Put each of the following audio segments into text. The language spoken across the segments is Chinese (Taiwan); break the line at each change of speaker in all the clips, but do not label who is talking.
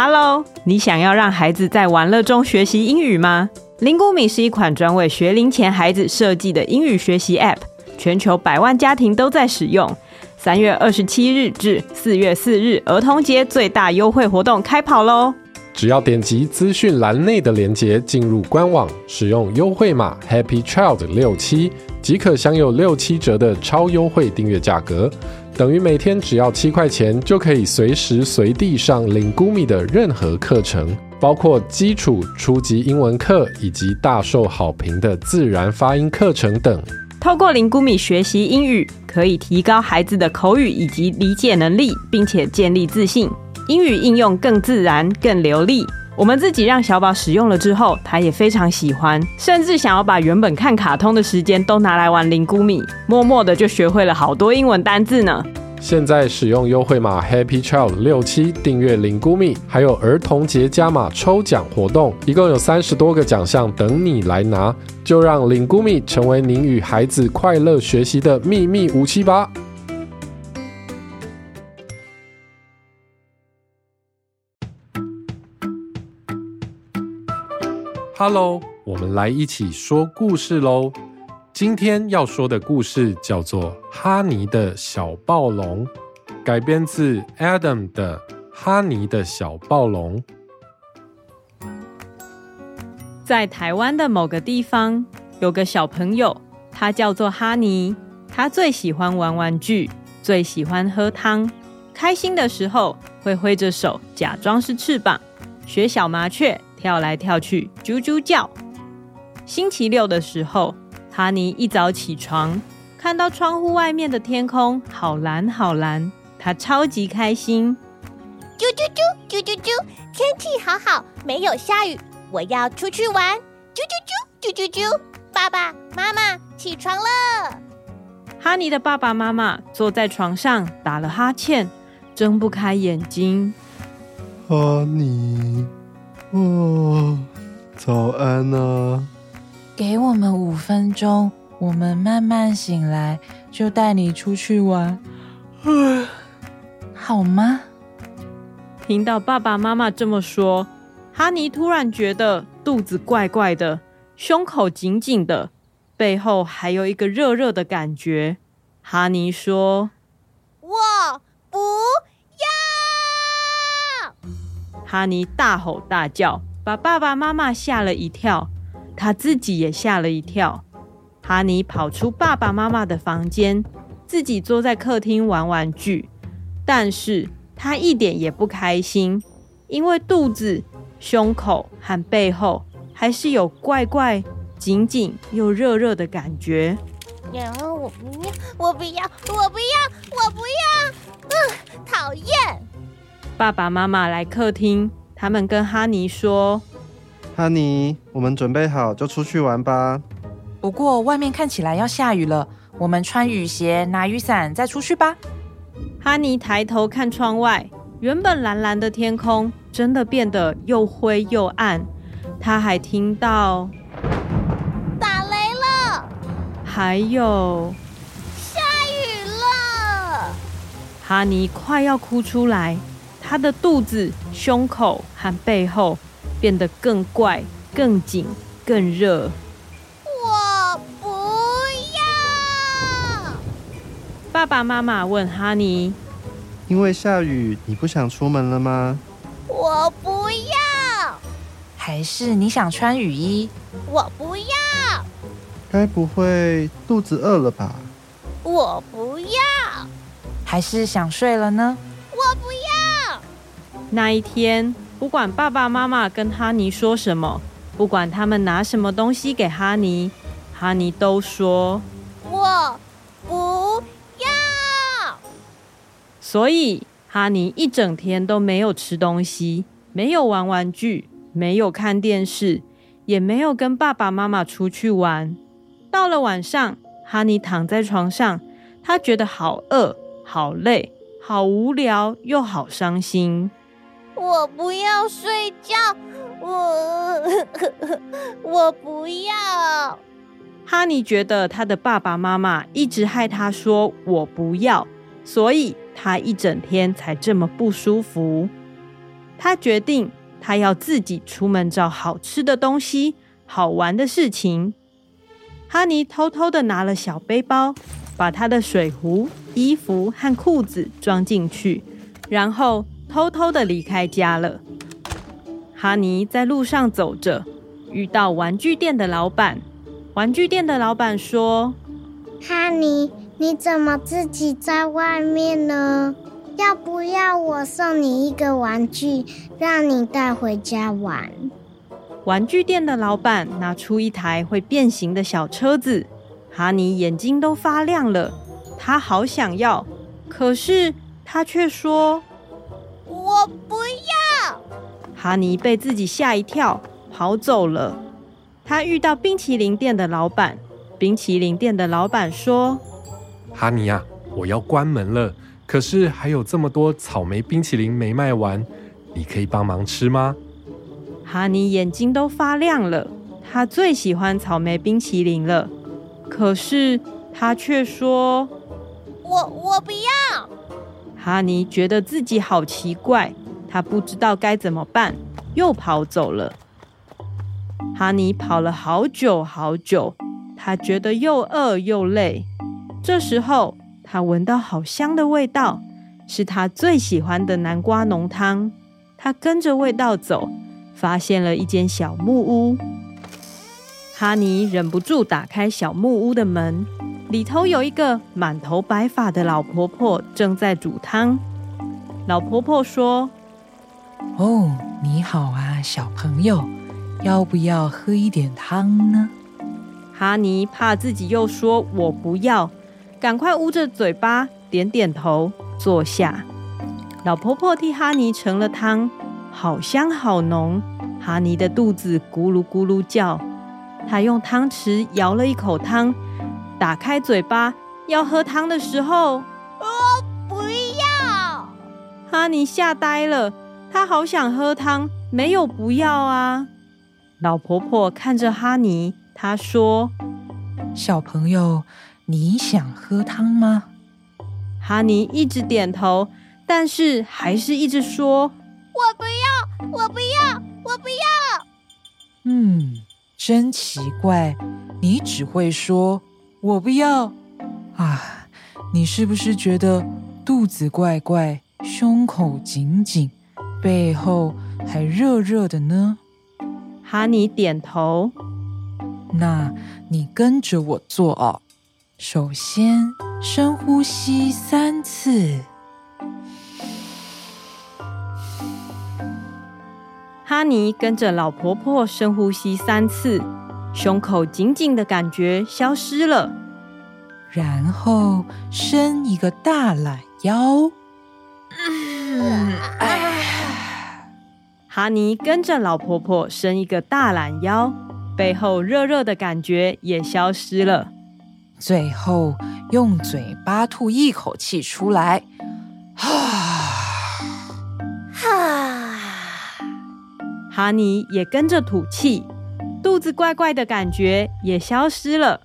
Hello，你想要讓孩子在玩樂中學習英語嗎？Lingumi 是一款專為學齡前孩子設計的英語學習 App，全球百萬家庭都在使用。三月二十七日至四月四日兒童節最大優惠活動開跑嘍！
只要點擊資訊欄內的鏈接進入官網，使用優惠碼 Happy Child 六七，即可享有六七折的超優惠訂閱價格。等於每天只要七塊錢，就可以隨時隨地上 Lingumi 的任何課程，包括基礎、初級英文課，以及大受好評的自然發音課程等。
透過 Lingumi 學習英語，可以提高孩子的口語以及理解能力，並且建立自信。英語應用更自然、更流利。我們自己讓小寶使用了之後，他也非常喜歡，甚至想要把原本看卡通的時間都拿來玩 Lingumi，默默的就學會了好多英文單字呢。
現在使用優惠碼 Happy Child 六七訂閱 Lingumi，還有兒童節加碼抽獎活動，一共有三十多個獎項等你來拿。就讓 Lingumi 成為您與孩子快樂學習的秘密武器吧。Hello，我們來一起說故事嘍。今天要說的故事叫做《哈妮的小暴龍》，改編自 Adam 的《哈妮的小暴龍》。
在台灣的某個地方，有個小朋友，他叫做哈妮。他最喜歡玩玩具，最喜歡喝湯。開心的時候會揮着手，假裝是翅膀，學小麻雀。跳來跳去，啾啾叫。星期六的時候，哈妮一早起床，看到窗戶外面的天空好藍好藍，他超級開心。
啾啾啾啾啾啾，天氣好好，沒有下雨，我要出去玩。啾啾啾啾啾啾，爸爸媽媽起床了。
哈妮的爸爸媽媽坐在床上打了哈欠，睜不開眼睛。哈
妮。哦，早安呢、啊！給我們五分鐘，我們慢慢醒來，就帶你出去玩， 好嗎？
聽到爸爸媽媽這麼說，哈妮突然覺得肚子怪怪的，胸口緊緊的，背後還有一個熱熱的感覺。哈妮說。哈妮大吼大叫，把爸爸媽媽嚇了一跳，他自己也嚇了一跳。哈妮跑出爸爸媽媽的房間，自己坐在客廳玩玩具，但是他一點也不開心，因為肚子、胸口和背後還是有怪怪、緊緊又熱熱的感覺。
然後，我不要！我不要！我不要！我不要！嗯、呃，討厭。
爸爸媽媽來客廳，他們跟哈妮說：“
哈妮，我們準備好就出去玩吧。
不過外面看起來要下雨了，我們穿雨鞋、拿雨傘再出去吧。”哈妮抬頭看窗外，原本藍藍的天空真的變得又灰又暗。他還聽到
打雷了，
還有
下雨了。
哈妮快要哭出來。他的肚子、胸口和背後變得更怪、更緊、更熱。
我不要。
爸爸媽媽問哈妮：“
因為下雨，你不想出門了嗎？”
我
不要。還是你
想穿雨衣？
我不要。
該不會肚子餓了吧？
我不要。
還是想睡了呢？那一天，不管爸爸媽媽跟哈妮說什麼，不管他們拿什麼東西給哈妮，哈妮都說：“
我不要。”
所以，哈妮一整天都沒有吃東西，沒有玩玩具，沒有看電視，也沒有跟爸爸媽媽出去玩。到了晚上，哈妮躺在床上，他覺得好餓、好累、好無聊，又好傷心。
我不要睡覺，我我不要。
哈妮覺得他的爸爸媽媽一直害他說我不要，所以他一整天才這麼不舒服。他決定他要自己出門找好吃的東西、好玩的事情。哈妮偷偷的拿了小背包，把他的水壺、衣服和褲子裝進去，然後，偷偷的離開家了。哈妮在路上走着，遇到玩具店的老闆。玩具店的老闆說：“
哈妮，你怎麼自己在外面呢？要不要我送你一個玩具，讓你帶回家玩？”
玩具店的老闆拿出一台會變形的小車子，哈妮眼睛都發亮了，他好想要，可是他卻說。
我不要！
哈妮被自己嚇一跳，跑走了。他遇到冰淇淋店的老闆，冰淇淋店的老闆說：“
哈妮呀，我要關門了，可是還有這麼多草莓冰淇淋沒賣完，你可以幫忙吃嗎？”
哈妮眼睛都發亮了，他最喜歡草莓冰淇淋了。可是他卻說：“
我我不要。”
哈妮覺得自己好奇怪，他不知道該怎麼辦，又跑走了。哈妮跑了好久好久，他覺得又餓又累。這時候，他聞到好香的味道，是他最喜歡的南瓜濃湯。他跟着味道走，發現了一間小木屋。哈妮忍不住打開小木屋的門。裡頭有一個滿頭白髮的老婆婆正在煮湯。老婆婆說：“哦，
你好啊，小朋友，要不要喝一點湯呢？”
哈妮怕自己又說我不要，趕快捂着嘴巴，點點頭坐下。老婆婆替哈妮盛了湯，好香好濃，哈妮的肚子咕嚕咕嚕叫。她用湯匙舀了一口湯。打開嘴巴要喝湯的時候，
我不要。
哈妮嚇呆了，他好想喝湯，沒有不要啊。老婆婆看着哈妮，她說：“
小朋友，
你想喝湯嗎？”哈妮一直點頭，但是還是一直說：“
我不要，我不要，我不要。”嗯，
真奇怪，
你只會說。我不要啊！你是不是覺得肚子怪怪、胸口緊緊、背後還熱熱的呢？
哈妮點
頭。那你跟着我做哦。首先深呼吸三次。
哈妮跟着老婆婆深呼吸三次。胸口緊緊的感覺消失了，
然後伸一個大
懶腰。嗯、啊、哈尼、嗯、 跟着老婆婆伸一個大懶腰，背後熱熱的感覺也消失了。
最後用嘴巴吐一口氣
出來，哈，哈，哈尼也跟着吐氣。子怪怪的感覺也消失了。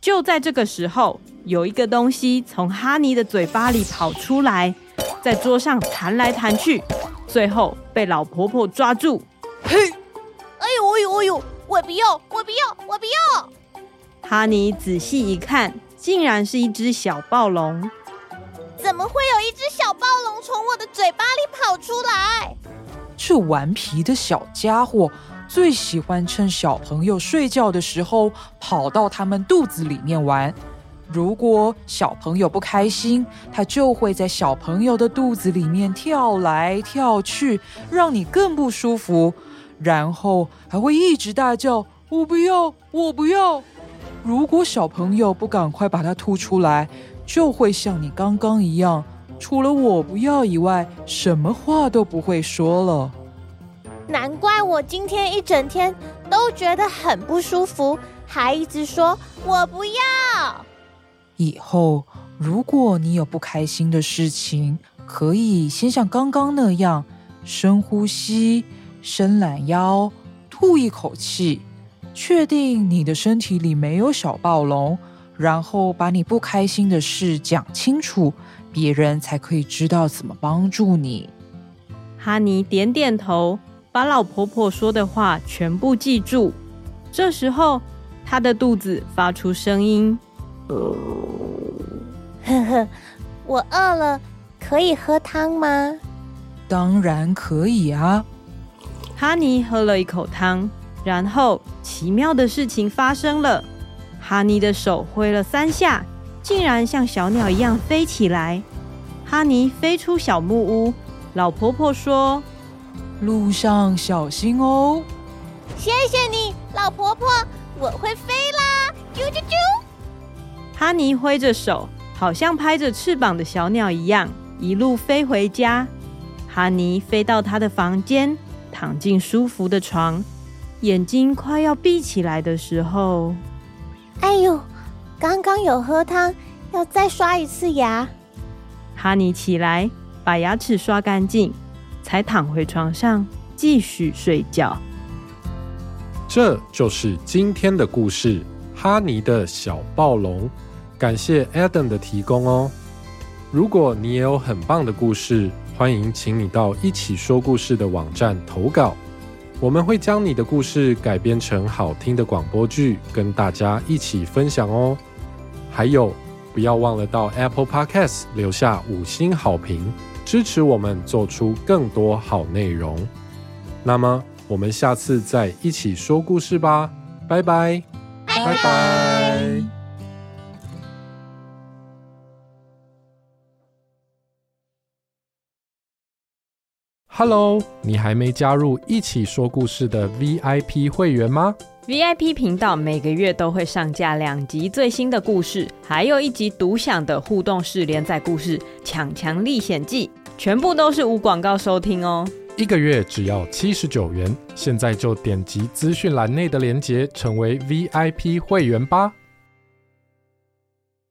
就在這個時候，有一個東西從哈尼的嘴巴裡跑出來，在桌上彈來彈去，最後被老婆婆抓住。
嘿！哎呦哎呦哎呦，我不要我不要我不要！
哈尼仔細一看，竟然是一只小暴龍。
怎麼會有一只小暴龍從我的嘴巴裡跑出來？
這
頑皮的小家伙！最喜歡趁小朋友睡覺的時候跑到他們肚子裡面玩。如果小朋友不開心，他就會在小朋友的肚子裡面跳來跳去，讓你更不舒服，然後還會一直大叫：“我不要，我不要！”如果小朋友不趕快把它吐出來，就會像你剛剛一樣，除了“我不要”以外，什麼話都不會說了。
難怪我今天一整天都覺得很不舒服，還一直說“我不要”。
以後如果你有不開心的事情，可以先像剛剛那樣深呼吸、伸懶腰、吐一口氣，確定你的身體裡沒有小暴龍，然後把你不開心的事講清楚，別人才可以知道怎麼幫助你。
哈尼點點頭。把老婆婆說的話全部記住。這時候，她的肚子發出聲音：“呃，呵
呵，
我餓了，可以喝湯嗎？”當然可以啊！哈妮喝了一口湯，然後奇妙的事情發生了。哈妮的手揮了三下，竟然像小鳥一樣飛起來。哈妮飛出小木屋，老婆婆說。路上小心哦！
謝謝你，老婆婆，我會飛啦！啾啾啾！
哈妮揮着手，好像拍着翅膀的小鳥一樣，一路飛回家。哈妮飛到他的房間，躺進舒服的床，眼睛快要閉起來的時候，
哎呦，剛剛有喝湯，要再刷一次牙。
哈妮起來，把牙齒刷乾淨。才躺回床上繼續睡覺。
這就是今天的故事，《哈尼的小暴龍》。感謝 Adam 的提供哦。如果你也有很棒的故事，歡迎請你到一起說故事的網站投稿。我們會將你的故事改編成好聽的廣播劇，跟大家一起分享哦。還有，不要忘了到 Apple Podcasts 留下五星好評。支持我們做出更多好內容，那麼我們下次再一起說故事吧，拜拜，拜拜。Hello，你還沒加入一起說故事的 VIP 會員嗎
？VIP 頻道每個月都會上架兩集最新的故事，還有一集獨享的互動式連載故事《強強歷險記》。全部都是無廣告收聽哦，
一個月只要七十九元，現在就點擊資訊欄內的鏈接，成為 VIP 會員吧。